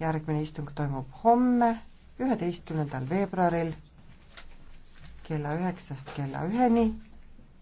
järgmine istung toimub homme, üheteistkümnendal veebruaril kella üheksast kella üheni